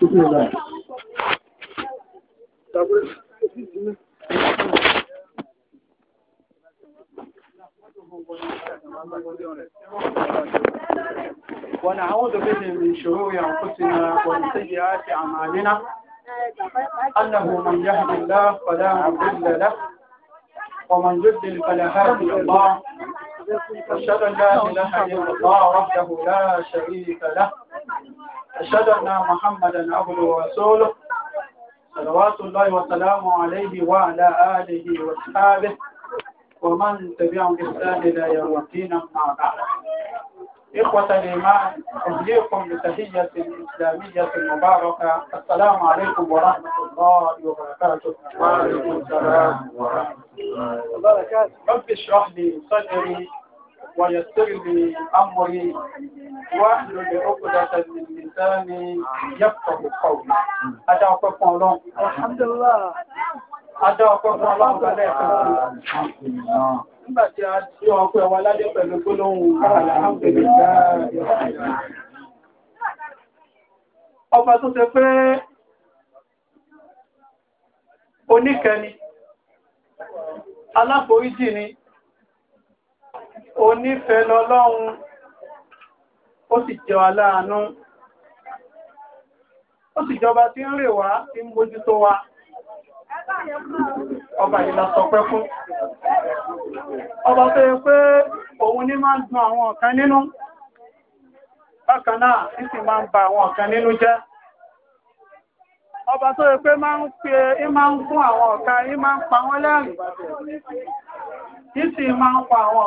ونعوذ به من شرور انفسنا ومن سيئات اعمالنا انه من يهد الله فلا مضل له ومن يضلل فلا هادي الله أشهد أن لا إله إلا الله وحده لا شريك له أشهد أن محمدا عبده ورسوله صلوات الله وسلامه عليه وعلى آله وأصحابه ومن تبعهم بإحسان إلى يوم الدين أما بعد إخوة الإيمان أهديكم بتحية إسلامية مباركة السلام عليكم ورحمة الله وبركاته وعليكم السلام ورحمة الله وبركاته رب اشرح لي صدري ويسر لي أمري واحلل عقدة من لساني يفقه قولي أدا أقف الله الحمد لله Adá ọkọ̀ fún ọlọ́pàá lẹ́ẹ̀kan sí. Nígbà tí a tí ọkọ̀ ẹwà ládé pẹ̀lú gbólóhùn ọba tó ṣe pé oníkẹni, aláforíjì ni, onífẹ́ lọ́lọ́run ó sì jẹ́ wa láàánú ó sì jọba tí ń rè wá tí ń wa ọba ìlà sọpẹ́ fún ọba tó yẹ pé òun ní máa ń awọn àwọn ọ̀kan nínú bákan náà ní sì ba àwọn ọ̀kan nínú jẹ́ ọba tó yẹ pé máa ń pe í máa ń fún àwọn ọ̀kan máa ń pa wọ́n lẹ́rìn sì máa ń pa àwọn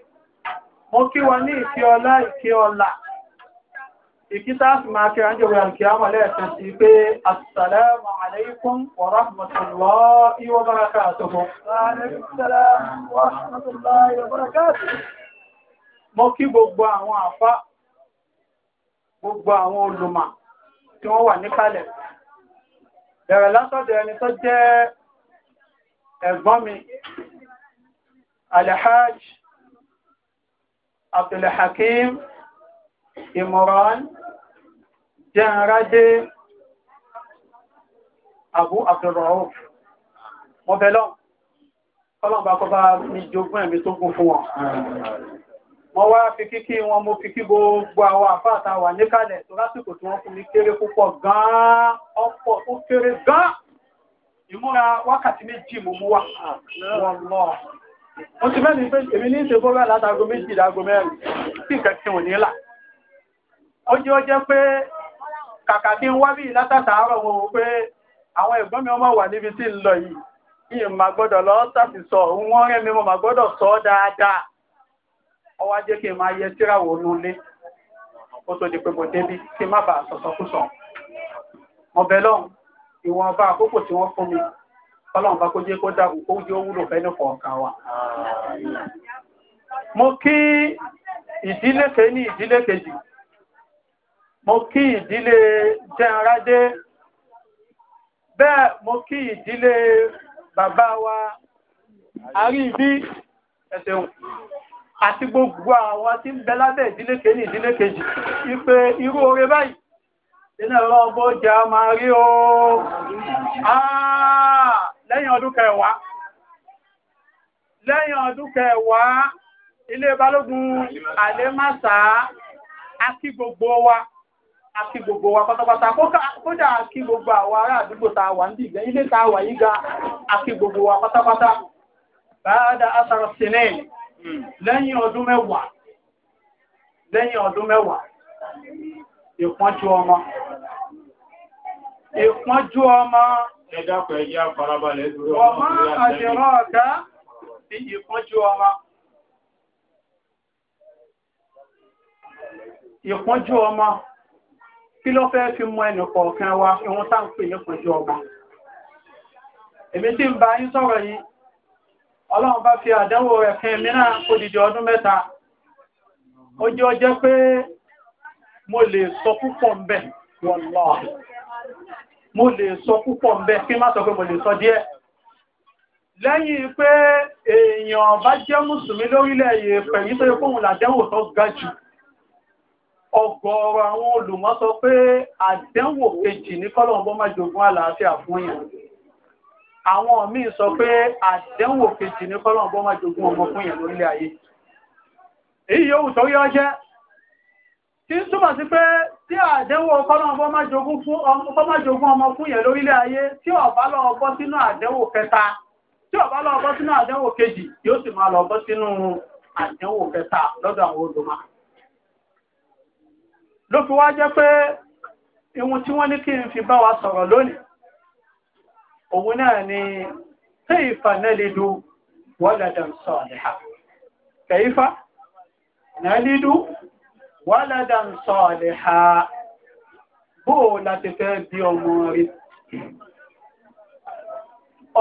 mo kí wọn ní ìkí ọlá ìkí ọlá ìkí sáàfì máa kí ránjẹ́ wẹ̀ àǹkì àmọ́ lẹ́ẹ̀kan sí pé assalamu alaikum wa rahmatullahi wa barakatuhu mo kí gbogbo àwọn àfá gbogbo àwọn olùmọ̀ tí wọ́n ẹni tó jẹ́ ẹ̀gbọ́n mi alhaji Abdulhakim Imran Jẹ́nradé Abu Abdulrauf. Mo bẹ̀ lọ, ọlọ́n bá kọba ní jogún ẹ̀mí tó gùn fún wọn. Mo wá fi kíkí wọn mo fi kí gbogbo àwọn àfáàtà wà níkàlẹ̀ tó lásìkò tí wọ́n fún mi kéré púpọ̀ gan-an, ọ̀pọ̀ tó kéré gan-an. Ìmúra wákàtí méjì mo mú wà. Wọ́n lọ mo ti fẹ́ ni pé èmi ní ìṣe bóra látago méjì ìdágo mẹ́rin tí nǹkan tí wọ́n ní là ó jẹ́ ó jẹ́ pé kàkà tí ń wá bí látàtàárọ̀ wọn wò pé àwọn ẹ̀gbọ́n mi ọmọ wà níbi tí ń lọ yìí yìí mà gbọ́dọ̀ lọ tàbí sọ òun wọ́n rẹ́ mi mà gbọ́dọ̀ sọ ọ́ dáadáa ó wá jẹ́ kí n máa yẹ síráwò nulẹ̀ ó tó di pé mo débi kí n má bàa sọ̀sọ̀kúsọ̀ mo bẹ̀ lọ́hùn ìwọ̀nba àkókò tí wọ́n fún mi tọ́lọ́run bá kó jẹ́ kó dákú kó jẹ́ owúlò fẹ́ ní kọ̀ọ̀kan wa. mo kí ìdílé kìíní ìdílé kejì mo kí ìdílé jẹ́nradé bẹ́ẹ̀ mo kí ìdílé bàbá wa àríbí ẹ̀sẹ̀hùn àti gbogbo àwọn tí ń bẹ lábẹ́ ìdílé kìíní ìdílé kejì ipe irú oore báyìí nínú ẹ̀rọ jẹ́ a máa rí o lẹ́yìn ọdún kẹwàá lẹ́yìn ọdún kẹwàá ilé balógun àlémásà akí gbogbo wa akí gbogbo wa pátápátá kódà akí gbogbo àwọn ará àdúgbò tá a wà ń dìgbẹ́ ilé tá a wà yí ga gbogbo wa pátápátá báadà asàrò sinẹ́ lẹ́yìn ọdún mẹ́wàá lẹ́yìn ọdún mẹ́wàá ìpọ́njú ọmọ ìpọ́njú ọmọ ẹ̀dàpọ̀ ẹ̀yà farabalẹ̀ dúró ọmọ àjẹ̀rọ̀ ọ̀gá sí ìpọ́njú ọmọ. Ìpọ́njú ọmọ, kí ló fẹ́ fi mọ ẹnì kọ̀ọ̀kan wa ìwọ̀n tá ń pè ní ìpọ́njú ọmọ. Èmi tí ń bá yín sọ̀rọ̀ yìí, Ọlọ́run bá fi àdánwò rẹ̀ fún mi náà kó dìde ọdún mẹ́ta. Ó jẹ́ ọjẹ́ pé mo lè sọ púpọ̀ ń bẹ̀ wọ́n mo lè sọ púpọ̀ ń bẹ kí n má sọ pé mo lè sọ díẹ̀ lẹ́yìn pé èèyàn bá jẹ́ mùsùlùmí lórílẹ̀ yèèpẹ̀ yìí tó yẹ fóun làdẹ́wò tó ga jù ọ̀gọ̀ọ̀rọ̀ àwọn olùmọ̀ sọ pé àdẹ́wò kejì ní kọ́lọ̀n bọ́ máa àlàáfíà fún yàn àwọn míì sọ pé àdẹ́wò kejì ní kọ́lọ̀n bọ́ máa ọmọ fún yàn lórílẹ̀ ayé èyí yóò tó yọ jẹ́ tí ń túmọ̀ sí pé tí àdẹ́wò ọkọ́lọ́ọ̀bọ́ má jogún ọmọ fún yẹn lórílẹ̀ ayé tí ọ̀bá lọ bọ́ sínú àdẹ́wò kẹta tí ọ̀bá lọ bọ́ sínú àdẹ́wò kejì yóò sì máa lọ bọ́ sínú àdẹ́wò kẹta lọ́dọ̀ àwọn olùmọ̀ ló fi wá jẹ́ pé ihun tí wọ́n ní kí n fi bá wa sọ̀rọ̀ lónìí òun náà ni kayfa nalidu waladan salihan kayfa nalidu wàládà ń sọ ọ̀lẹ̀ ha bó láti fẹ́ bí ọmọ rí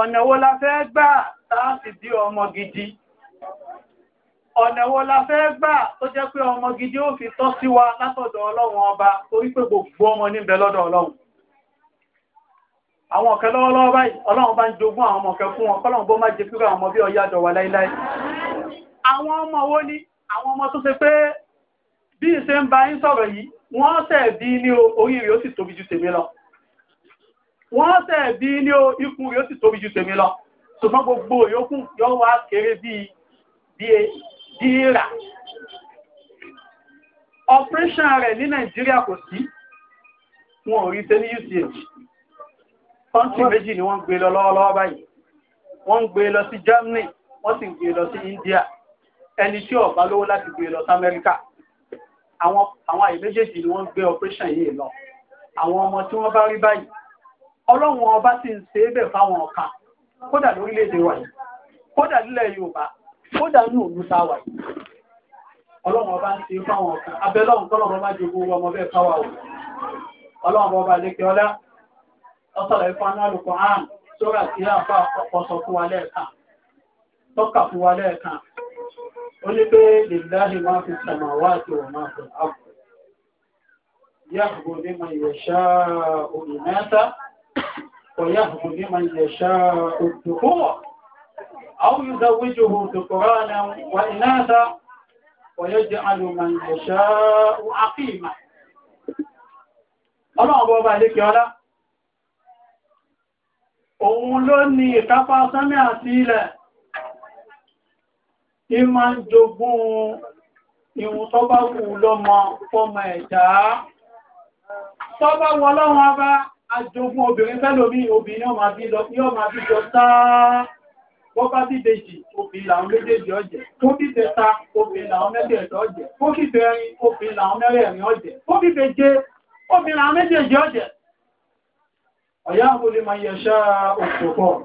ọ̀nà wo la fẹ́ gbà táàsì bí ọmọ gidi ọ̀nà wo la fẹ́ gbà tó jẹ́ pé ọmọ gidi ó fi tọ́ sí wa látọ̀dọ̀ ọlọ́run ọba torí pé gbogbo ọmọ níbẹ̀ lọ́dọ̀ ọlọ́run àwọn ọ̀kẹ́ lọ́wọ́lọ́wọ́ báyìí bí ìṣe ń ba yín sọ̀rọ̀ yìí wọ́n sẹ̀ bí ní orí rẹ̀ ó sì tóbi ju tèmi lọ wọ́n sẹ̀ bí ní ikùn rẹ̀ ó sì tóbi ju tèmi lọ ṣùgbọ́n gbogbo yòókù yóò wá kéré bíi díìrà operation rẹ̀ ní nàìjíríà kò sí wọn ò rí ṣe ní uch kọ́ńtì méjì ni wọ́n gbé lọ lọ́wọ́lọ́wọ́ báyìí wọ́n ń gbé lọ sí germany wọ́n sì ń gbé lọ sí india ẹni tí ó lówó láti gbé lọ sí amẹ́ríkà àwọn àwọn àyè méjèèjì ni wọ́n gbé operation yìí lọ àwọn ọmọ tí wọ́n bá rí báyìí ọlọ́run ọba ti ń ṣe é bẹ̀ fáwọn kan kódà lórílẹ̀‐èdè wa yìí kódà nílẹ̀ yorùbá kódà ní òlú tá a wà yìí ọlọ́run ọba ń ṣe é fáwọn kan abẹ́lọ́run tọ́lọ́run ọba jẹ gbogbo ọmọ bẹ́ẹ̀ káwà o ọlọ́run ọba lékè ọlá ọ̀sọ̀rọ̀ ẹ̀fọ́ anáàlùkọ̀ àrùn sórà sí àfa ọ̀pọ̀ sọ fún wa lẹ́ẹ̀kan tọ́ka fún wa lẹ́ẹ̀kan ó ní pé lèláhì máa fi sàmà wá àti wọ̀ máa fi àpò yáàbò ní máa yẹ ṣáà òmì mẹ́ta kò yáàbò ní máa yẹ ṣáà òdòkúwọ̀ àwọn yóò dáwéjò òdòkúrá náà wà ìnáta kò yẹ jẹ́ àlùmọ̀ yẹ ṣáà àkíyìmá ọlọ́run ní máa ń jogún ìhun tó bá wù lọ́mọ fọ́mọ ẹ̀dá tó bá wọ lọ́wọ́ bá ajogún obìnrin fẹ́lòmí obìnrin yóò máa bí jọ sáà wọ́n bá bí dèjì obìnrin làwọn méjèèjì ọ̀jẹ̀ tó bí tẹta obìnrin làwọn mẹ́tẹ̀ẹ̀ta ọ̀jẹ̀ tó bí tẹrin obìnrin làwọn mẹ́rẹ̀ẹ̀rin ọ̀jẹ̀ tó bí tẹje obìnrin làwọn méjèèjì ọ̀jẹ̀ ọ̀yá àwọn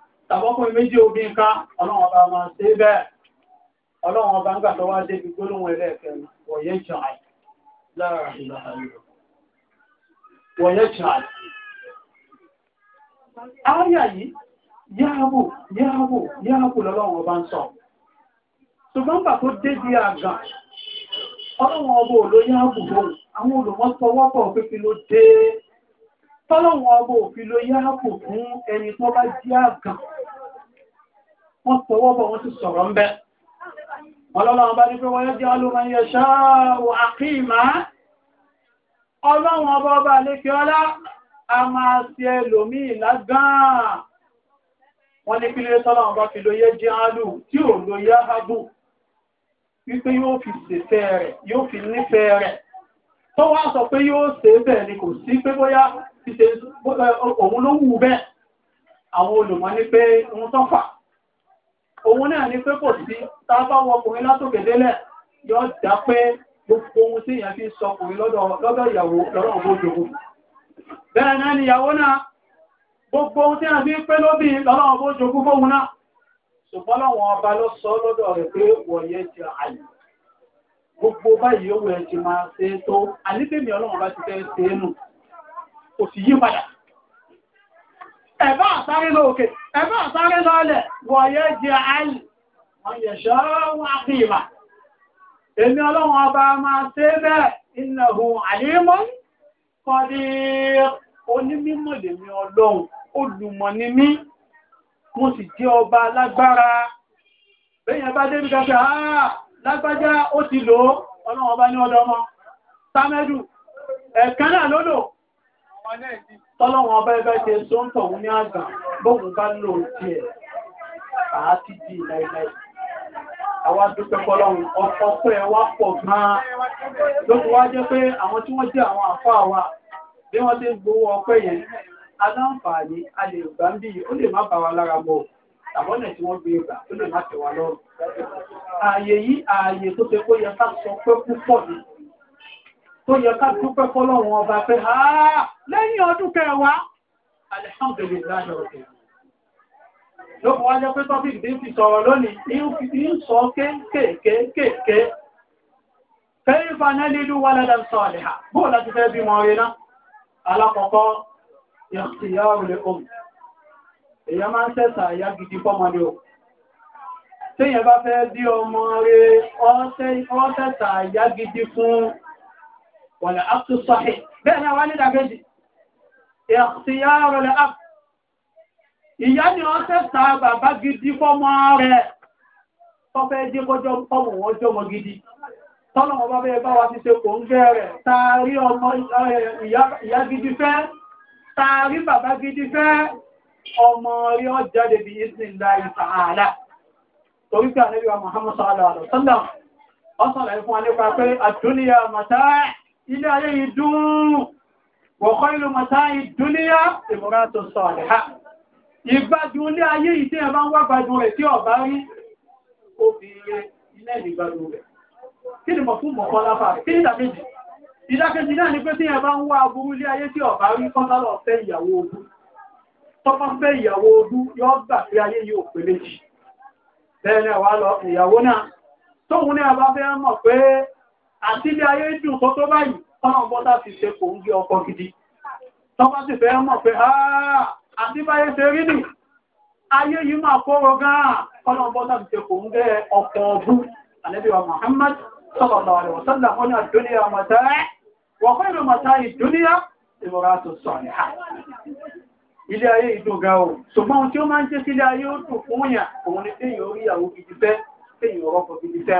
tàbọ́kùnrin méjì obì obi ọlọ́run ọba máa ṣe bẹ́ẹ̀ ọlọ́run ọba ń tó wá débi gbólóhùn ẹlẹ́ẹ̀kẹrin wọ̀nyẹ́ jàn lára ìlà àlè wọ̀nyẹ́ jàn. Áyà yìí yáàbò yáàbò yáàbò lọ́lọ́run ọba ń sọ. Ṣùgbọ́n tó àgàn ọlọ́run ọba ò yáàbò lóhùn àwọn olùmọ́sọwọ́pọ̀ ló dé tọ́lọ́run ọba ò fi yáàbò fún ẹni tó wọ́n tọwọ́ bọ̀ wọ́n ti sọ̀rọ̀ ń bẹ́ wọ́n lọ́lọ́wọ́n bá ní pé wọ́n yẹ́ jẹ́ ọlọ́mọ yẹ ṣáàwò àkíìmá ọlọ́wọ́n ọba ọba lékẹ́ ọlá a máa ṣe ẹlòmíì lágbàá wọ́n ní kí lè tọ́lọ́wọ́n bá àwọn olùmọ̀ ní pé òun tó fà òun náà ni pé kò sí tábà wọkùnrin látòkè délẹ̀ yóò dá pé gbogbo ohun tí èèyàn fi sọkùnrin lọ́dọ̀ ìyàwó lọ́rọ̀ owó jogun bẹ́ẹ̀ náà ni ìyàwó náà gbogbo ohun tí a fi pé lóbi lọ́rọ̀ owó jogun fóun náà ṣùgbọ́n láwọn ọba ló sọ lọ́dọ̀ rẹ̀ pé wọ̀nyẹ́ ti àyè gbogbo báyìí owó ẹ̀ ti máa ṣe tó àníbèmí ọlọ́run bá ti fẹ́ ṣe é nù kò sì yí padà ẹ̀bá àsáré lóòkè ẹ̀bá àsáré lọ́lẹ̀ wọ̀yẹ́ jẹ́ àìlì ọ̀yẹ̀ṣọ́ wà ní ìmà èmi ọlọ́run ọba máa ṣe bẹ́ẹ̀ innahu alimun qadir onímọ̀ lèmi ọlọ́run olùmọ̀ ni mí mo sì jẹ́ ọba lágbára bẹ́yẹn débi kẹfẹ́ àá lágbájá ó ti lò ó ọlọ́run ọba ní ọdọ ọmọ sámẹ́dù ẹ̀kan náà ọmọ náà tọ́lọ́wọ́n ọba ẹgbẹ́ ṣe tó ń tọ̀hún ní àgbà bóun bá lò di ìlàìlàì àwa dúpẹ́ fọlọ́run ọkọ̀ wá gan-an wá jẹ́ pé àwọn tí wọ́n jẹ́ àwọn wa bí wọ́n ti ń gbowó yẹn aláǹfààní ó lè má lára àbọ̀nà tí wọ́n gbé ó sọ pé púpọ̀ tó yẹ ká dúpẹ́ fọ́lọ́run ọba pé ha lẹ́yìn ọdún kẹwàá alihamdulilayi ọ̀sẹ̀ ló fún wájẹ́ pé tọ́bí ìdí fi sọ̀rọ̀ lónìí ń sọ kéèkéèkéèké kẹ́yìnfà náà lílú wà lẹ́dà ń sọ àlẹ́hà bóò láti fẹ́ bímọ rẹ̀ náà alákọ̀ọ́kọ́ ìyàwó lè ohun èyàn máa ń sẹ́sà ìyá gidi fọ́mọdé o tí èyàn bá fẹ́ bí ọmọ rẹ̀ ọ́sẹ́sà ìyá gidi fún wọ̀lẹ̀ ápù sọ́hì bẹ́ẹ̀ náà wá ní ìdàkejì ìyàrọ̀lẹ̀ ápù ìyá ni wọ́n tẹ́ta bàbá gidi fọ́mọ rẹ̀ tọ́fẹ́ jẹ́ kọjọ́ ọmọ wọn jọmọ gidi tọ́nà ọba bẹ́ẹ̀ bá wa ti ṣe kò ń gẹ́ rẹ̀ taari ọmọ ìyá gidi fẹ́ taari bàbá gidi fẹ́ ọmọ rí ọjà débi isnillahi ta'ala torí pé àlejò Muhammad sallallahu alaihi wasallam ọ̀sán fún wa nípa pé àdúnyà màtáà ilé ayé ìdúnrùn wọ̀kọ́ ìlú mọ̀tá ìdúníyà ìmúra tó sọ ọ̀dá ìgbádùn ilé ayé ìdí ẹ̀ máa ń wá gbádùn rẹ̀ tí ọ̀bá rí ó fi ilé ilé ìgbádùn rẹ̀ kí ni mọ̀ fún mọ̀kọ́ lápá kí ni dàbíjì ìdákejì náà ni pé tí ẹ bá ń wá aburú ilé ayé tí ọ̀bá rí kọ́tàlọ̀ fẹ́ ìyàwó odú tọ́pọ̀ fẹ́ ìyàwó odú yọ́ gbà pé ayé yóò pé àti ilé ayé dùn tó tó báyìí ọlọ́run bọ́dá ti ṣe kò ń gbé ọkọ̀ gidi tọ́pá sì fẹ́ mọ̀ pé àti ṣe rí nì ayé yìí máa kóró gan-an ni àdúnyà mọ̀tá wọ́n fẹ́ ìlú mọ̀tá ìdúnyà ìmọ̀ra tó sọ ilé ayé ìdùn ga o ṣùgbọ́n ohun tí ó máa ń jẹ́ sílé ayé ó dùn fún yàn òun ni téèyàn orí ìyàwó gidi fẹ́ téèyàn rọ́pò gidi fẹ́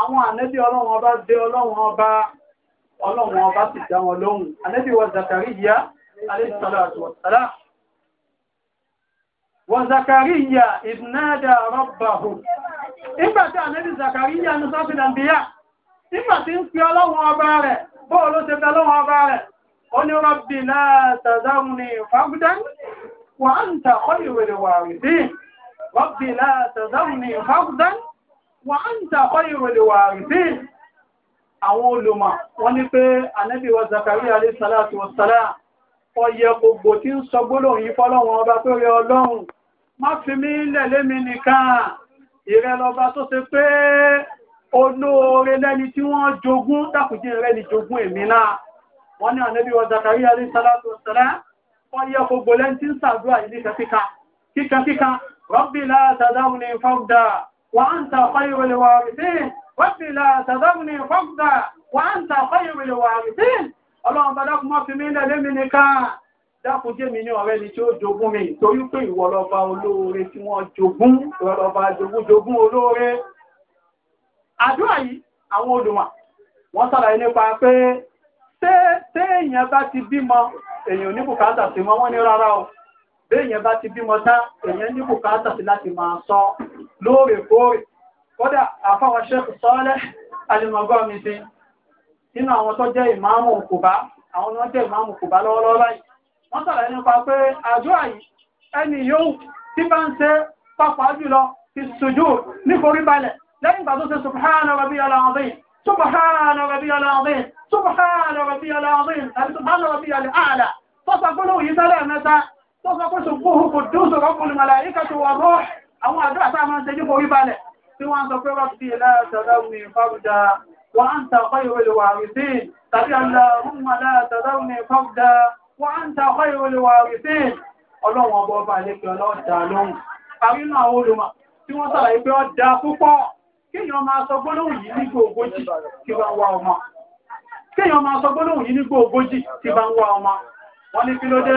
àwọn ànẹ́bí ọlọ́run ọba dé ọlọ́run ọba ọlọ́run ọba sì dá wọn lóhùn ànẹ́bí wa Zakariya alayhi salatu wassalam wa Zakariya idnada rabbahu nígbà tí ànẹ́bí Zakariya ní sọ́fìnà bíyà nígbà tí ń fi ọlọ́run ọba rẹ̀ bóò ló ṣe fẹ́ ọlọ́run ọba rẹ̀ ó ní rabbi la tazarni fagdan wa anta khayrul warithin rabbi la tazarni wọ́n ń ta ọyọ̀ lè wà rí bí àwọn olùmọ̀ wọ́n ní pé ànábì wa Zakaria alayhi salatu wa salam ọyẹ gbogbo tí ń sọ gbólóhùn yìí fọ́lọ́run ọba pé rẹ ọlọ́run má fi mí lẹ̀ lémi nìkan ìrẹ lọba tó ṣe pé olóore lẹ́ni tí wọ́n jogún dákùnjí rẹ̀ ni jogún èmi náà wọ́n ní ànábì wa Zakaria alayhi salatu wa salam ọyẹ gbogbo lẹ́ni tí ń sàdúrà yìí ní kíkà وأنت خير الوارثين رب لا تذرني فردا وأنت خير الوارثين ọlọ́run bá dákun má fi mí lẹ̀ lémi nìkan dákun jẹ́ mi ní ọ̀rẹ́ ni tí ó jogún mi torí pé ìwọ lọ́ba olóore tí wọ́n jogún lọ́ba jogún olóore àdúrà yìí àwọn olùmọ̀ wọ́n sàlàyé nípa pé ṣé bá ti bímọ èèyàn ní bùkátà sí mọ́ wọ́n ní rárá o béèyàn bá ti bímọ tá èèyàn ní bùkátà sí láti máa sọ lóòrèkóòrè kódà àfáwọn sẹ́kù sọ́ọ́lẹ̀ alìmọ̀gọ́ mi sí nínú àwọn tó jẹ́ ìmáàmù Kùbá àwọn tó jẹ́ ìmáàmù Kùbá lọ́wọ́lọ́wọ́ báyìí wọ́n sọ̀rọ̀ nípa pé àdúrà yìí ẹni yóò tí bá ń ṣe pápá jùlọ ti sùjú níforí balẹ̀ lẹ́yìn ìgbà tó ṣe subhana rabbiyal azim subhana rabbiyal azim subhana rabbiyal azim tàbí subhana rabbiyal a'la tó sọ gbólóhùn yìí sẹ́lẹ̀ mẹ́ta tó sọ pé ṣùgbọ́n kò dùn sọ̀rọ̀ ọkùnrin màlà yíká tó wà bọ́ àwọn àdúrà tá a máa ń ṣe jókòó wíbalẹ̀ tí wọ́n sọ pé rọ́bì látàdáwì fáwùdà wọ́n á ń ta ọkọ̀ ìwé lè wà rí sí tàbí aláhùnmá látàdáwì fáwùdà wọ́n á ń ta ọkọ̀ ìwé lè wà rí sí ọlọ́run ọba ọba àlekè ọlọ́ọ̀dà lóhùn àrínú àwọn olùmọ̀ tí wọ́n sàlàyé pé ó da púpọ̀ kéèyàn máa sọ gbólóhùn yìí nígbà ogójì tí bá bá ń wá ọmọ wọ́n ní kí ló dé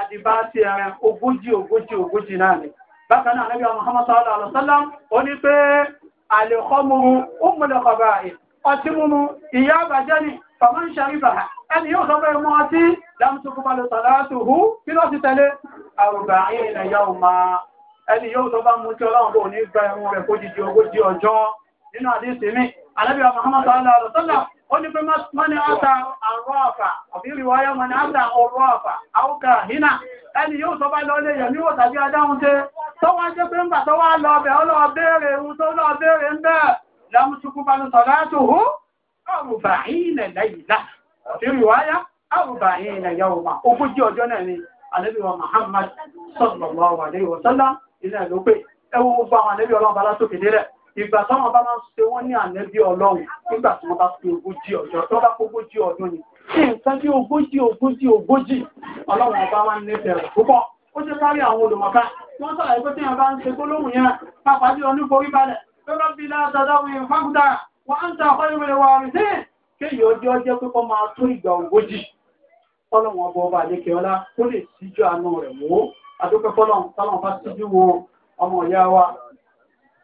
àdìbá ti ẹ̀rẹ̀ ogójì ogójì ogójì náà ni bákan náà níbi àwọn Muhammad sallallahu alaihi wasallam ó ní pé àlèkọ́muru ó múlẹ̀ kọ̀bà ẹ̀ ọtí múmu ìyá àbájẹ́ ni bàbá ń ṣàríbà ẹni yóò sọ pé mọ́ ọtí dámsùkú balẹ̀ sàlátù hù kí ló ti tẹ̀lé àrùbà ó ní pé mọ́ni ọ́ta àrọ́ ọ̀fà ọ̀bírí wáyé mọ́ni ọ́ta ọ̀rọ̀ ọ̀fà àwùkà hínà ẹni yóò sọ bá lọ lè yẹ̀ ní òtàbí adáhùn tẹ́ tó wá jẹ́ pé ńgbà tó wá lọ ọbẹ̀ ó lọ béèrè ohun tó lọ béèrè ń bẹ́ẹ̀ lámùsùkú bá lọ sọ̀rọ̀ àtò hù àrùbà ìnẹ̀ lẹ́yìnlá ọ̀bírí wáyá ìgbà táwọn bá máa ń ṣe wọ́n ní ànẹ́bí ọlọ́run nígbà tí wọ́n bá fi ogójì ọjọ́ tó bá ogójì ọdún ni kí nǹkan bí ogójì ogójì ogójì ọlọ́run ọba wa nífẹ̀ẹ́ rẹ̀ púpọ̀ ó ṣe kárí àwọn olùmọ̀ká wọ́n sọ̀rọ̀ ẹgbẹ́ tí wọ́n bá ń ṣe gbólóhùn yẹn pàápàá jùlọ ní forí balẹ̀ lọ́rọ̀ bí látàdáwì fákútà wọ́n ń ta ọ̀pọ̀ ìrìnlẹ̀ wà rí sí kéyìí ọjọ́ jẹ́ pé kọ́ máa tó ìgbà ogójì ọlọ́run ọba ọba àlékè ọlá kó lè síjú àánú rẹ̀ wò ó àdúpẹ́ fọlọ́run táwọn bá síjú wo ọmọ ìyá wa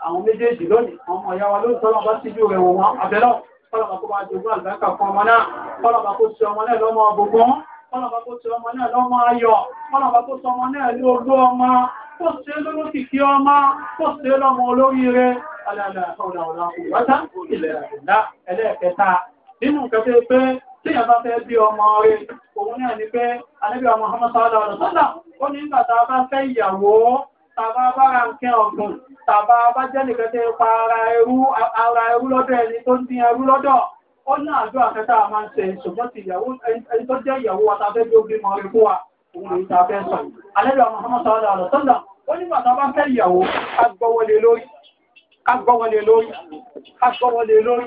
àwọn méjèèjì lónìí ọmọ ìyá wa lónìí tọ́lọ́ bá síjú rẹ̀ wò wọ́n àbẹ́lọ́ kọ́lọ́ba kó bá jogún àlùbáríkà fún ọmọ náà kọ́lọ́ba kó ṣe ọmọ náà lọ́mọ ọgbọ̀gbọ́n kọ́lọ́ba kó ṣe ọmọ náà lọ́mọ ayọ̀ kọ́lọ́ba kó ṣe ọmọ náà ní ogún ọmọ kó ṣe lólókìkí ọmọ kó ṣe lọ́mọ olóríire ẹlẹ́ẹ̀kẹta nínú kẹfẹ́ pé tíyàn bá fẹ́ bí ọmọ rẹ̀ òun náà ni pé alẹ́bí ọmọ ọmọ sáádà ọ̀dọ̀ sọ́dà ó ní nígbà tá a bá fẹ́ ìyàwó tàbá bá ra nǹkan ọ̀gbọ̀n tàbá bá jẹ́ nìkan tẹ́ pa ara ẹrú ara ẹrú lọ́dọ̀ ẹni tó ń dín ẹrú lọ́dọ̀ ó ní àjọ àkẹta máa ń ṣe ṣùgbọ́n ti ìyàwó ẹni tó jẹ́ ìyàwó wa tàbí bí ó bímọ rẹ̀ fún wa òun lè ta fẹ́ sọ alẹ́lẹ́ ọmọ ọmọ sọ́ọ́dọ̀ àlọ́ sọ́ndà ó ní bàtà bá fẹ́ ìyàwó agbọ́wọlé lórí agbọ́wọlé lórí agbọ́wọlé lórí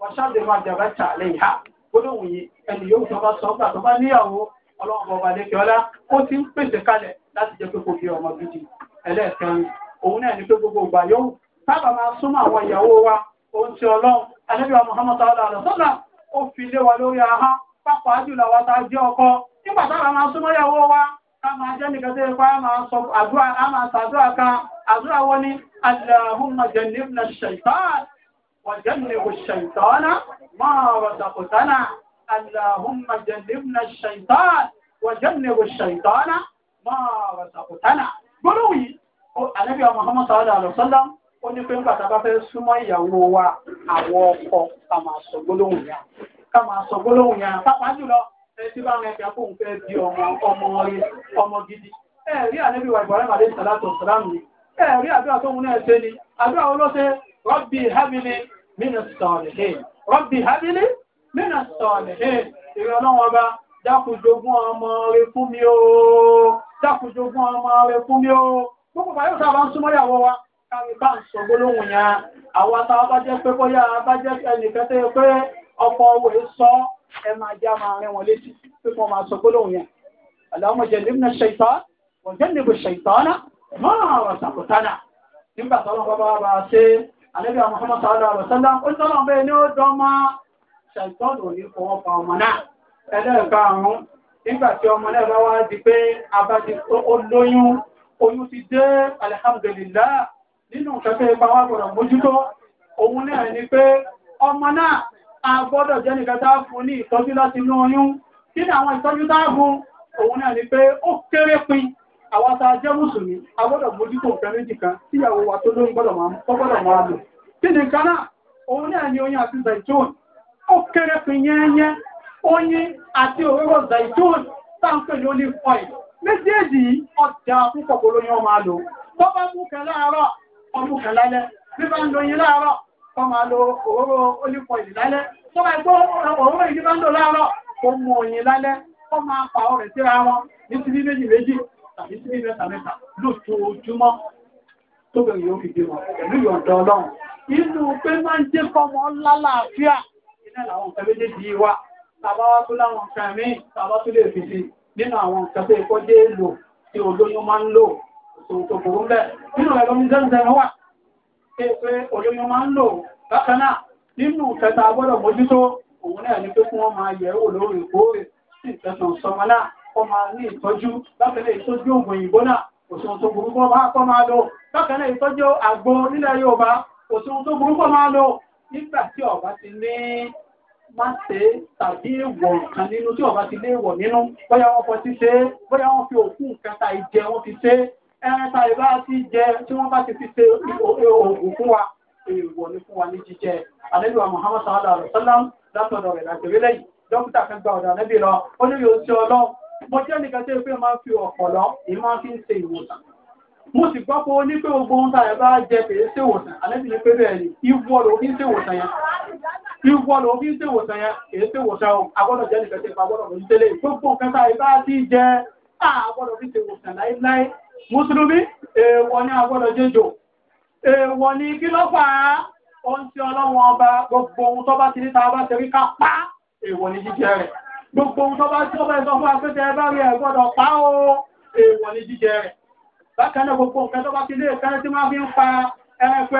wàṣáàdé máa jàmbá tà lẹ́yìn ha gbólóhùn yìí ẹni yóò tó bá tó bá níyàwó ọba ó ti ń pèsè kalẹ̀ láti jẹ́ pé kò fi ọmọ gidi ẹlẹ́ẹ̀kẹrin òun náà ni pé gbogbo ìgbà yóò sábà máa súnmọ́ àwọn ìyàwó wa ohun ọlọ́run alẹ́bíwá wa lórí aha pápá jùlọ ta jẹ́ ọkọ nígbà táwa máa súnmọ́ ìyàwó wa ká máa jẹ́ nìkan tó yẹ pé a máa sọ àdúrà kan àdúrà wọn ni وجنب الشيطان ما رزقتنا اللهم جنبنا الشيطان وجنب الشيطان ما رزقتنا gbólóhùn yìí ànábì Muhammad sallallahu alaihi wasallam ó ní pé nígbà tá a bá fẹ́ súnmọ́ ìyàwó wa àwọn ọkọ ká máa sọ gbólóhùn yẹn ká máa sọ gbólóhùn yẹn pàápàá jùlọ ẹtí bá rìn ẹ̀kẹ́ fóun fẹ́ di ọmọ ọmọ rẹ ọmọ gidi ẹ̀rí ànábì wa Ibrahim alayhi salatu wassalam ẹ̀rí àdúrà tó mú náà ṣe ni àdúrà olóṣe rọ́bì hábìlì mínísítọ̀ọ̀lẹ̀hìn rọ́bì hábìlì mínísítọ̀ọ̀lẹ̀hìn ìrìn ọlọ́wọ́n ọba dákùjogún ọmọ rẹ fún mi o dákùjogún ọmọ rẹ fún mi o gbogbo bàyọ̀ sábà ń súnmọ́ ìyàwó wa kárí bá ń sọ gbólóhùn yẹn àwọn àtàwọn bá jẹ́ pé bóyá bá jẹ́ ẹnìkan tó máa wà sàkótánà nígbà tọ́lọ́ bá bá bá ṣe àlẹ́bí àwọn ọmọ sàádọ́ àrọ̀ sọ́lá ó tọ́lọ́ bẹ́ẹ̀ ní ó dọ́mọ ṣàìtọ́nù ní fọwọ́ pa ọmọ náà ẹlẹ́ẹ̀karùn-ún nígbà tí ọmọ náà bá wá di pé abájí ó lóyún oyún ti dé alihamdulillah nínú kẹfẹ́ ipa wá gbọ́dọ̀ mójútó òun náà ni pé ọmọ náà a gbọ́dọ̀ jẹ́ nìkan tá fún ní ìtọ́jú láti inú oyún kí ni àwọn ìtọ́jú tá fún náà ni pé ó kéré pin àwọn tá a jẹ́ mùsùlùmí a gbọ́dọ̀ mójútó nǹkan méjì kan tíyàwó wa tó lóyún gbọ́dọ̀ máa tó gbọ́dọ̀ máa lò kí ni nǹkan náà òun náà ni oyin àti zaitun ó kéré pin yẹ́nyẹ́ oyin àti òróró zaitun tá ń pè ní olive oil méjèèjì ọjà púpọ̀ kó lóyún ọmọ àlò tó bá mú kẹ láàárọ̀ ọmú kẹ lálẹ́ bí bá ń lóyin láàárọ̀ kọ́ máa lo òróró olive lálẹ́ tó bá gbọ́ òróró ìdí bá ń lò láàárọ̀ kó mú oyin lálẹ́ kọ́ máa pa ọ̀rẹ́ síra wọn ní ti bí méjì méjì tàbí sí mẹ́ta inú pé máa ń jẹ́ fọmọ lálàáfíà iná làwọn nǹkan méjèèjì wà tàbá wá tó láwọn nǹkan míì tàbá tó lè fi sí nínú àwọn nǹkan ẹkọ́ dé lò tí olóyún máa ń lò tó burú bẹ́ẹ̀ nínú ẹ̀rọ ní zẹ́nzẹ́n ń lò kọ́ máa ní ìtọ́jú lákẹ́lẹ́ ìtọ́jú ògùn òyìnbó náà òṣùwọ̀n tó burú kọ́ máa kọ́ máa lò lákẹ́lẹ́ ìtọ́jú àgbo nílẹ̀ Yorùbá òṣùwọ̀n tó burú kọ́ máa lò nígbà tí ọba ti ní má ṣe tàbí èèwọ̀ nǹkan nínú tí ọba ti lé èèwọ̀ nínú bóyá wọ́n fọ ti ṣe bóyá wọ́n fi òkú nǹkan ìjẹ wọ́n fi ṣe é ìbá ti jẹ tí wọ́n bá ti fi ṣe oògùn fún wa èèwọ̀ ni fún wa ní jíjẹ àlejò Muhammad sallallahu alaihi wa sallam látọ̀dọ̀ rẹ̀ láti rí lẹ́yìn dókítà kan gba ọ̀dọ̀ ànábì lọ ó ní yóò ṣe ọlọ́run mo jẹ́ nìkan tí pé máa fi ọ̀pọ̀lọ́ èyí máa fi ń ṣe ìwòsàn mo sì gbọ́ pé ó ní pé gbogbo ohun tààrẹ bá jẹ kèé ṣe ìwòsàn àlẹ́bí ni pé bẹ́ẹ̀ ni ìwọ ló fi ń ṣe ìwòsàn yẹn ìwọ ló fi ń ṣe ìwòsàn yẹn kèé ṣe ìwòsàn o agbọ́dọ̀ jẹ́ nìkan tí ipa gbọ́dọ̀ ló ń tẹ́lẹ̀ gbogbo nǹkan tààrẹ bá ti jẹ àgbọ́dọ̀ fi ṣe ìwòsàn láéláé mùsùlùmí èèwọ̀ ni agbọ́dọ̀ jẹjọ èèwọ̀ ni kí ló fà á ohun tí ọlọ́wọ́n ọba gbogbo ohun tó bá ti níta bá ṣe rí ká pa èèwọ̀ ni jíjẹ rẹ̀ gbogbo ohun tó bá tí ó bá ẹ̀sọ́ fún akéde ẹbá rí ẹ̀gbọ́dọ̀ pa ó èèwọ̀ ní jíjẹ rẹ̀ bákan náà gbogbo nǹkan tó bá ti lé ẹ̀kẹ́ tí máa fi ń pa ẹranko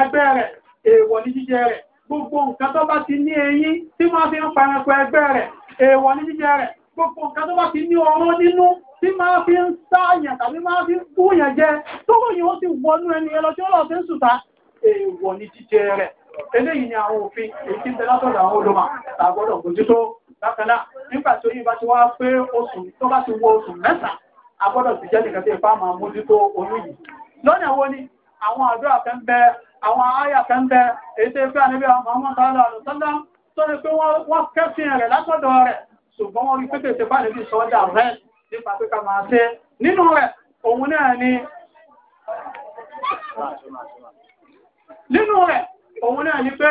ẹgbẹ́ rẹ̀ èèwọ̀ ní jíjẹ rẹ̀ gbogbo nǹkan tó bá ti ní eyín tí máa fi ń pa ẹranko ẹgbẹ́ rẹ̀ èèwọ̀ ní jíjẹ rẹ̀ gbogbo nǹkan tó bá ti ní ọrún nínú tí máa fi ń sáàyàn tàbí máa fi ń búyàn jẹ tó ròyìn ó sì wọnú ẹni ẹlọ tí ó lọ sí ń sùta èèwọ̀ ní jíjẹ rẹ̀ eléyìí ni àwọn òfin èyí tí ń bẹ látọ̀dọ̀ àwọn olùmọ̀ tàgbọ́dọ̀ bójútó bákan náà nígbà tó yìí bá ti wá pé oṣù tó bá ti wọ oṣù mẹ́ta agbọ́dọ̀ sì jẹ́ nìkan tí ipá máa mójútó oyún yìí lọ́nà wo ni àwọn àdúrà kan ń bẹ àwọn àyà kan ń bẹ èyí tó fẹ́ àníbí àwọn ọmọ tààlà àlùsọ́lá tó ní pé wọ́n kẹ́sìn rẹ̀ látọ̀dọ̀ rẹ̀ ṣùgbọ́n wọ́n rí pépè tí fáàlì bí sọ́jà rẹ̀ nípa pé ká máa ṣe nínú rẹ̀ òun náà ni nínú rẹ̀ òun náà ni pé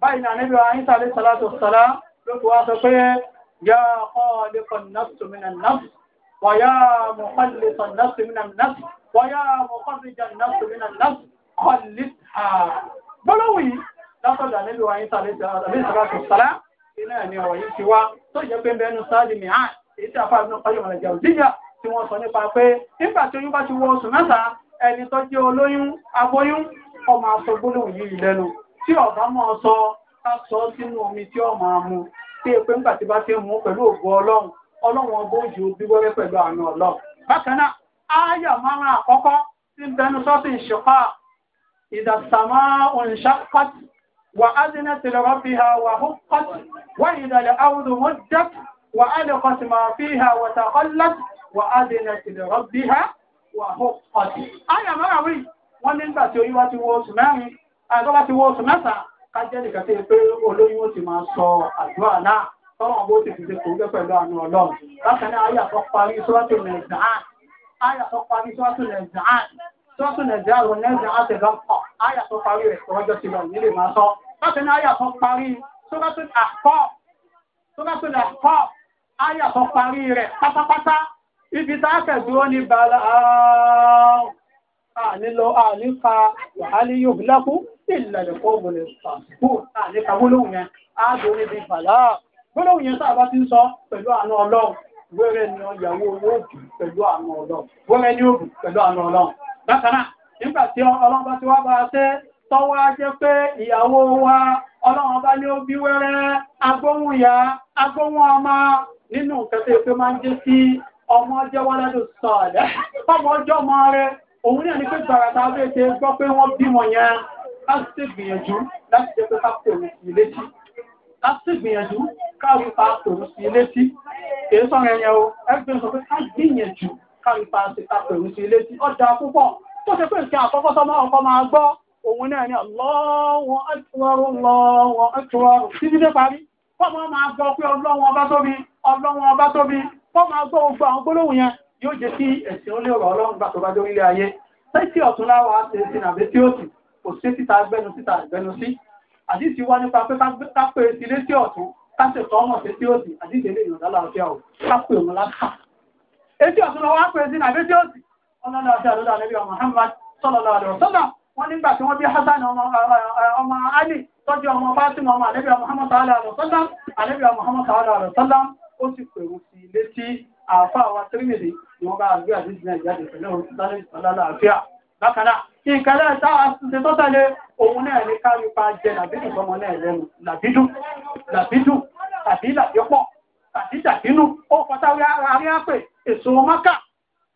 báyìí náà níbi wa Ìsá alayhi salatu wassalam ló fi wá sọ pé yá khaliqan nafsi minan nafs wa yá mukhallisan nafsi minan nafs wa yá mukharrijan nafsi minan nafs khalliqha gbọ́lọ́wì látọ̀dọ̀ níbi wa Ìsá alayhi salatu wassalam iná ẹ̀mí ọ̀rọ̀ yìí ti wá tó jẹ́ pé bẹ́ẹ̀ nu sáàdì mìíràn èyí tí àfáà nínú kọ́yọ̀ ọ̀rọ̀ jẹun jíjà tí wọ́n sọ nípa pé nígbà tí oyún bá ti wọ oṣù mẹ́ta ẹni tó olóyún aboyún ọmọ aṣọ gbólóhùn yìí lẹ́nu tí ọ̀bá mọ́ sọ ká sọ sínú omi tí ọ̀ máa mu tí èpè ńgbà tí bá ti mú pẹ̀lú ògbó ọlọ́run ọlọ́run ọgbọ́n òjò bí wẹ́rẹ́ pẹ̀lú àánú ọlọ́run. bákan náà ááyà márùn-ún àkọ́kọ́ tí ń bẹnu sọ́ọ̀sì ìṣèpá ìdàsàmá òǹṣàpàt wà á dínà ti lọ́rọ́ fi ha wà ó pàt wà ìdàlẹ̀ áwùdù wọn dẹ́k wà á lè kọ́ sí máa fi ha wà tà ọ́lát wà á dínà ti lọ́rọ́ bí ha wà ó pàt. ááyà márùn-ún wọ́n nígbà tí oyún wá ti wọ oṣù mẹ́rin àtọ́lá ti wọ oṣù mẹ́ta kájẹ́ nìkan tí pé olóyún ó ti máa sọ àdúrà náà tọ́wọ́n bó ti fìdí kò ń gẹ́ pẹ̀lú àánú ọlọ́run bákan náà ayà tó parí sọ́tò nẹ̀dàn ayà tó parí sọ́tò nẹ̀dàn sọ́tò nẹ̀dàn àwọn nẹ̀dàn àti lọ́pọ̀ ayà tó parí rẹ̀ tọ́jọ́ ti lọ nílé máa sọ bákan náà ayà pátápátá ibi tá a kẹ̀ dúró ní bàlá ààrùn ànílọ àníka wàhálì yóò fi lákú ìlànà kó gbọlẹ̀ sàkó àníka gbólóhùn yẹn àádọ́rin bíi bàlá gbólóhùn yẹn sábà ti ń sọ pẹ̀lú àánú ọlọ́run wẹ́rẹ́ ni ìyàwó yóò dù pẹ̀lú àánú ọlọ́run wẹ́rẹ́ ni yóò dù pẹ̀lú àánú ọlọ́run bákan náà nígbà tí ọlọ́run a ṣe tọ́wọ́ pé ìyàwó wa ọlọ́run bá ní ó bí wẹ́rẹ́ agbóhùn ya agbóhùn ọmọ nínú nǹkan tó máa ń jẹ́ sí ọmọ ọjọ́ wọ́lẹ́dùn sọ̀rọ̀ ọmọ ọjọ́ ọmọ rẹ̀ òun náà ní pé gbàràtà abẹ́ ṣe gbọ́ pé wọ́n bímọ yẹn láti ṣe gbìyànjú láti ṣe pé ká pòrò sí i létí láti ṣe gbìyànjú káàrí pa pòrò sí i létí èyí sọ̀rọ̀ ẹ̀yẹ o ẹgbẹ́ sọ pé ká gbìyànjú káàrí pa ṣe ká pòrò sí i létí ọjà púpọ̀ tó ṣe pé nǹkan àkọ́kọ́ sọ́mọ́ ọkọ̀ máa gbọ́ òun náà ní ọlọ́wọ́n ẹ̀tùrọ̀rùn lọ́wọ́n ẹ̀tùrọ̀rùn títí dé parí wọ́n máa gbọ́ pé ọlọ́wọ́n ọba tóbi ọlọ́wọ́n ọba tóbi wọ́n máa gbọ́ gbogbo yóò jẹ́ kí ẹ̀sìn olè ọ̀rọ̀ ọlọ́run gbà tó bá dé orílẹ̀ ayé sẹ́tì ọ̀tún láwa ṣe sí nàbẹ́ tí ó sì kò sí títa gbẹnu síta gbẹnu sí àdìsí wá nípa pé ká pè é sí létí ọ̀tún ká sì tọ́ ọmọ sí tí ó sì àdìsí ilé ìyọ̀dá láàfíà ò ká pè òun láta etí ọ̀tún lọ́wọ́ á pè é sí nàbẹ́ tí ó sì ọlọ́lá ọ̀sẹ̀ àlọ́dà lẹ́bí ọmọ Muhammad sọ́lọ́lá àdọ̀ sọ́dà wọ́n nígbà tí wọ́n bí Hasan ọmọ Ali tọ́jú ọmọ Fatima ọmọ àlẹ́bí ọmọ Muhammad sọ́lá àdọ̀ sọ́dà àlẹ́bí ọmọ Muhammad sọ́lá àdọ̀ sọ́dà ó sì pèrò sí létí àfa wa tírímìlì ni wọ́n bá gbé àdéjì náà jáde pẹ̀lú lálàáfíà bákan náà nǹkan náà tá a ṣe tó tẹ̀lé òun náà ní ká nípa jẹ làbídù tọmọ náà lẹ́nu làbídù làbídù tàbí làbípọ̀ tàbí tàbínú ó fọta arí àpè èso mọ́kà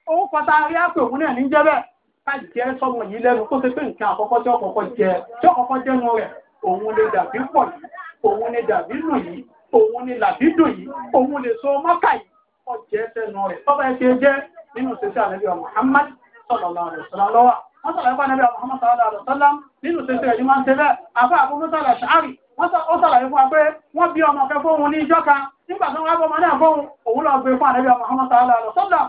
ó fọta arí àpè òun náà ní jẹ́ bẹ́ẹ̀ ká jẹ́ sọmọ yìí lẹ́nu kó ṣe pé nǹkan àkọ́kọ́ tí ọkọ̀ọ̀kọ́ jẹ tí ọkọ̀ọ̀kọ́ jẹ́nu rẹ̀ òun lè dàbí pọ̀ yìí òun lè dàbí nù yìí òun lè làbídù yìí òun lè so mọ́kà yìí ọjẹ́ ẹsẹ̀nù rẹ̀ tọ́ba ẹ̀ṣẹ̀ jẹ́ nínú ṣẹṣẹ́ ànábì Muhammad sallallahu alaihi wasallam lọ́wọ́ wọ́n sọ̀rọ̀ Muhammad sallallahu alaihi wasallam nínú ṣẹṣẹ́ rẹ̀ ní máa ń ṣe bẹ́ẹ̀ àbá àbúrú sọ̀rọ̀ ṣáàrì wọ́n sàlàyé fún wa pé wọ́n bí ọmọ ọ̀kẹ́ fóun ní ìjọ́ kan nígbà tó wọ́n bọ́mọ náà fóun òun lọ gbé fún ànábì Muhammad sallallahu alaihi wasallam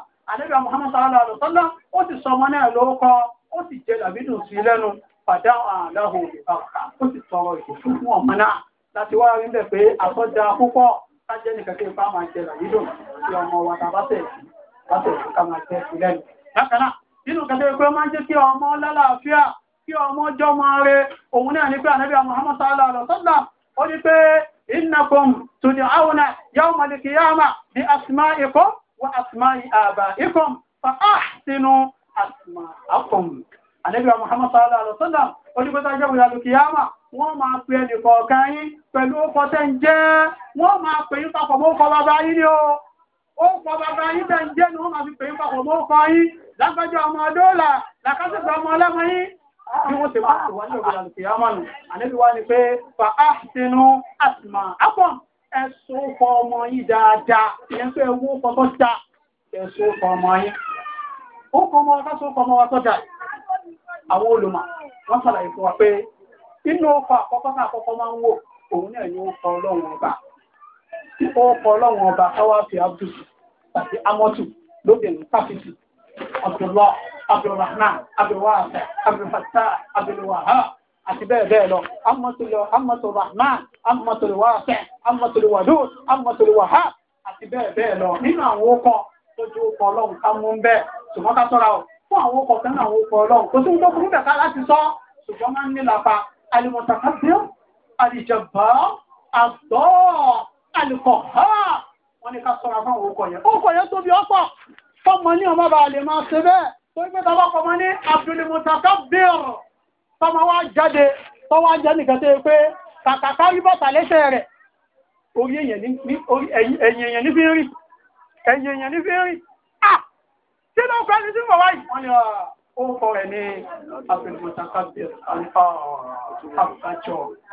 Muhammad sallallahu alaihi wasallam ó sì sọ ọmọ náà lórúkọ ó sì jẹ dàbídù sí lẹ́nu padà àdáhùn ìbáwọ̀ká ó sì sọ̀rọ̀ ìṣòfò fún kájẹ́ nìkan kí n bá máa jẹ làyídò tí ọmọ wa ta bá tẹ̀ sí bá tẹ̀ sí ká máa jẹ sí lẹ́nu. bákan náà nínú kẹtẹ́ pé ó máa ń jẹ́ kí ọmọ lálàáfíà kí ọmọ jọ máa re òun náà ní pé ànábì Muhammad sallallahu alaihi wasallam ó ní pé innakum tud'auna yawma al-qiyamah bi asma'ikum wa asma'i abaikum fa ahsinu asma'akum àdẹ́bíwá Muhammad sallallahu alaihi wasallam onígbọ́ta jẹ́ ìrìnàjò kìyàmà wọ́n máa pè ẹnì kọ̀ọ̀kan yín pẹ̀lú ó kọtẹ́ ń jẹ́ wọ́n máa pè yín papọ̀ mọ́ ọkọ̀ bàbá yín ni ó ó kọ bàbá yín tẹ́ ń jẹ́ ni wọ́n máa fi pè yín papọ̀ mọ́ ọkọ̀ yín lágbájọ ọmọ dọ́là làkásìgbà ọmọ ọlọ́mọ yín bí wọ́n ti máa pè wọ́n ní ìrìnàjò kìyàmà nù àdẹ́bíwá ni pé fa áṣínú àtìmọ̀ àpọ̀ ẹ̀sùn ọkọ̀ ọmọ yín dáadáa ìyẹn pé owó ọkọ̀ tó dáa ẹ̀sùn ọkọ̀ ọmọ yín ó kọ́ àwọn olùmọ̀ wọ́n ṣàlàyé fún wa pé inú ọkọ àkọ́kọ́ tá àkọ́kọ́ máa ń wò òun náà ni ó kọ ọba ó kọ ọlọ́run ọba fi abdul àti amọtù lóbìnrin káfíìsì abdullah abdulrahman abdulwasa abdulfatah abdulwahab àti bẹ́ẹ̀ bẹ́ẹ̀ lọ amọtulrahman amọtulwasa amọtulwadud amọtulwahab àti bẹ́ẹ̀ bẹ́ẹ̀ lọ nínú àwọn tó ju ọlọ́run ká mú bẹ́ẹ̀ tọ́ra fún àwọn ọkọ̀ kan àwọn ọkọ̀ ọlọ́run kò sí ohun tó burú kàkà láti sọ ṣùgbọ́n máa ń ní lapa alimọ̀tàkàsíọ́ alìjàmbá àgbọ́ alìkọ̀ọ́ wọ́n ní ká sọ́ra fún àwọn ọkọ̀ yẹn ọkọ̀ yẹn tóbi ọ̀pọ̀ fọ́mọ ní ọmọ bá lè máa ṣe bẹ́ẹ̀ tó ń gbé tọ́lọ́pọ̀ mọ́ ní abdulmutakabir tọ́mọ wá orí èèyàn ní fi ń rí ẹni tí mo wá yìí wọ́n ní ah, ah,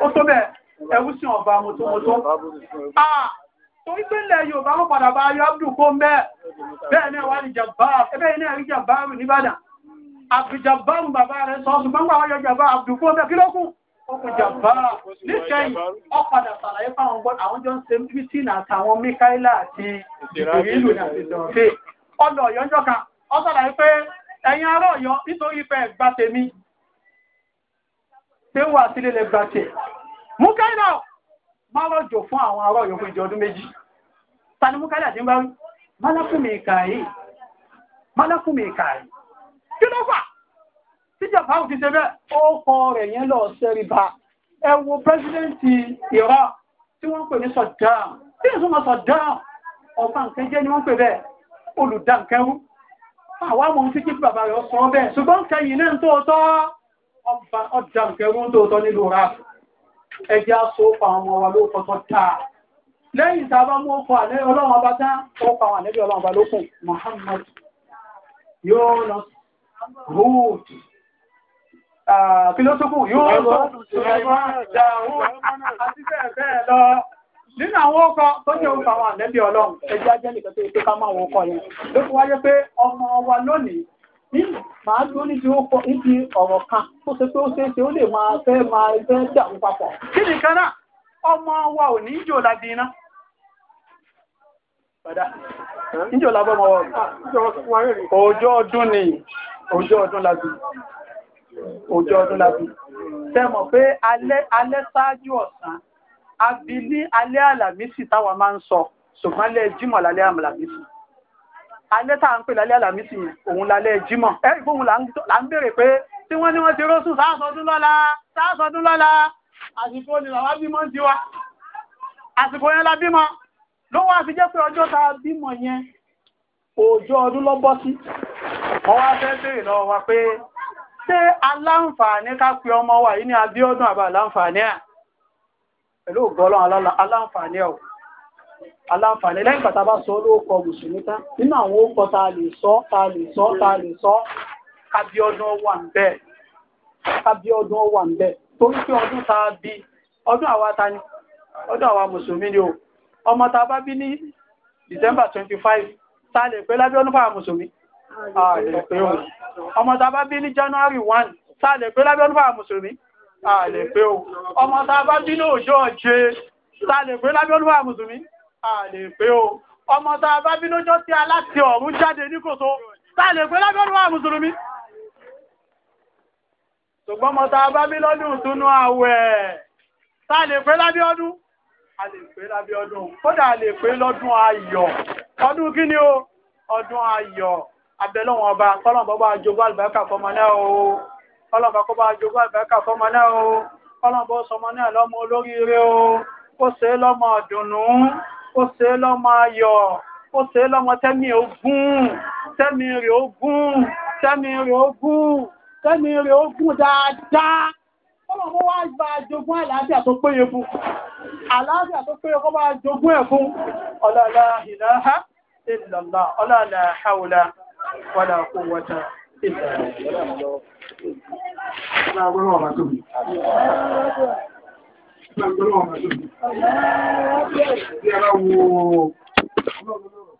ó tó bẹ́ẹ̀ ah, ní jabbar ọkùn jàmbára níkẹyìn ọ̀padà sàlàyé fáwọn gbọ́n àwọn jọ ń ṣe mítínà àtàwọn Míkáílà àti ìgbèrè ìlú àti ìdọ̀ọ̀fẹ́ ọ̀dọ̀ ọ̀yọ́jọ́ kan ọ sàlàyé pé ẹ̀yin ará ọ̀yọ́ nítorí ìfẹ́ ẹ̀gbà tèmi tí ó wà sílé lè gbà tẹ̀ mú káyìnà má rọ̀jò fún àwọn ará ọ̀yọ́ fún ìjọ ọdún méjì ta ni mú káyìnà tí ń bá rí málákùnmí ìkàyè málákùnmí ìkàyè kí ló fà tíjọba ò ti ṣe bẹ́ẹ̀ ó kọ rẹ̀ yẹn lọ sẹ́rí ba ẹ wo pẹ́sidẹ́ǹtì Iraq tí wọ́n pè ní Saddam tí èso mọ̀ Saddam ọba nkẹjẹ ni wọ́n pè bẹ́ẹ̀ olùdá nkẹrú àwọn amọ̀ sí kí bàbá rẹ̀ ọkọ̀ ọbẹ̀ ṣùgbọ́n kẹyìn náà tó tọ́ ọjà ìkẹrún tó tọ́ nílò ra ẹjẹ́ aṣọ pa ọmọ wa ló kọ́tọ́ ta lẹ́yìn tá a bá mú ọkọ̀ àlẹ́ ọlọ́run ọba tá ó pa àwọn àlẹ́bí ọlọ́run ọba lókun Muhammad Yunus Hud ah, kí ló tó kù yóò lọ nínú àwọn ọkọ̀ tó jẹ́ orúkọ àwọn ànẹ́bí ọlọ́run ẹjẹ́ ajẹ́ nìkan tó yẹ pé ká máa wọn ọkọ̀ yẹn ló fi wáyé pé ọmọ wa lónìí ní màá dúró níbi ọkọ̀ níbi ọ̀rọ̀ kan tó ṣe pé ó ṣeé ṣe ó lè máa fẹ́ máa fẹ́ dàrú papọ̀ kí nìkan náà ọmọ wa ò ní jò lábí iná níjọ́ lábọ́ mọ́ ọdún ni ọjọ́ ọdún lábí ọdún àbí ní alẹ́ àlàmísì táwa máa ń sọ ṣùgbọ́n alẹ́ jímọ̀ lálẹ́ àlàmísì alẹ́ tá à ń pè lálẹ́ àlàmísì yẹn òun lálẹ́ jímọ̀ ẹ ìgbóhùn là ń béèrè pé tí wọ́n ní wọ́n ti rọ́sùn sáàsọdún lọ́la sáàsọdún lọ́la àsìkò ni làwa bímọ ń tiwa àsìkò yẹn la bímọ ló wá fi jẹ́ pé ọjọ́ tá a bímọ yẹn òòjọ́ ọdún ló bọ́ sí wọ́n wá fẹ́ béèrè lọ́wọ́ wa pé ṣé aláǹfààní ká pe ọmọ wa yìí ní Abíọ́dún àbá aláǹfààní à pẹ̀lú ògbọ́lọ́ aláǹfààní ẹ̀ aláǹfààní lẹ́yìn pàtà bá sọ lóòkọ mùsùlùmí tán nínú àwọn òkọ ta lè sọ ta lè sọ ta lè sọ kábíọ́dún wà ń bẹ́ẹ̀ kábíọ́dún wà ń bẹ́ẹ̀ torí pé ọdún ta bí ọdún àwa ta ni ọdún àwa mùsùlùmí ni o ọmọ ta bá bí ní December twenty five ta lè pé lábíọ́dún fáwọn mùsùlùmí ọmọ ta bá bí ní January one ta lè pé lábíọ́dún fáwọn mùsùlùmí àlè o ọmọ tá a bá bí ní òjò ọ̀jẹ́ lálè lábẹ́ olúwa mùsùlùmí àlè o ọmọ tá a bá bí lójọ́ tí aláti ọ̀run jáde ní kòtò lálè pé lábẹ́ olúwa mùsùlùmí ṣùgbọ́n ọmọ tá a bá bí lọ́dún túnú àwẹ̀ lálè pé lábẹ́ ọdún a lè pé lábẹ́ ọdún kódà a lọ́dún ayọ̀ ọdún kí ni o ọdún ayọ̀ abẹ́lọ́wọ̀n ọba kọ́lọ̀ bọ́bá jogún àlùbáríkà fọmọ náà o ọlọ́ba kó bá jogún àgbẹ̀ká fọmọ náà o ọlọ́ba ó sọmọ náà lọ́mọ olóríire o ó ṣe é lọ́mọ ọ̀dùnnú ó ṣe é lọ́mọ ayọ̀ ó ṣe é lọ́mọ tẹ́mi ogún tẹ́mi rẹ̀ ogún tẹ́mi rẹ̀ ogún tẹ́mi rẹ̀ ogún dáadáa ọlọ́ba wá gba jogún àlàáfíà tó péye fún àlàáfíà ẹ̀ fún ọlọ́lá ìlàhá Ọlọ́run ọba tóbi. Bí a bá wo ọlọ́run náà.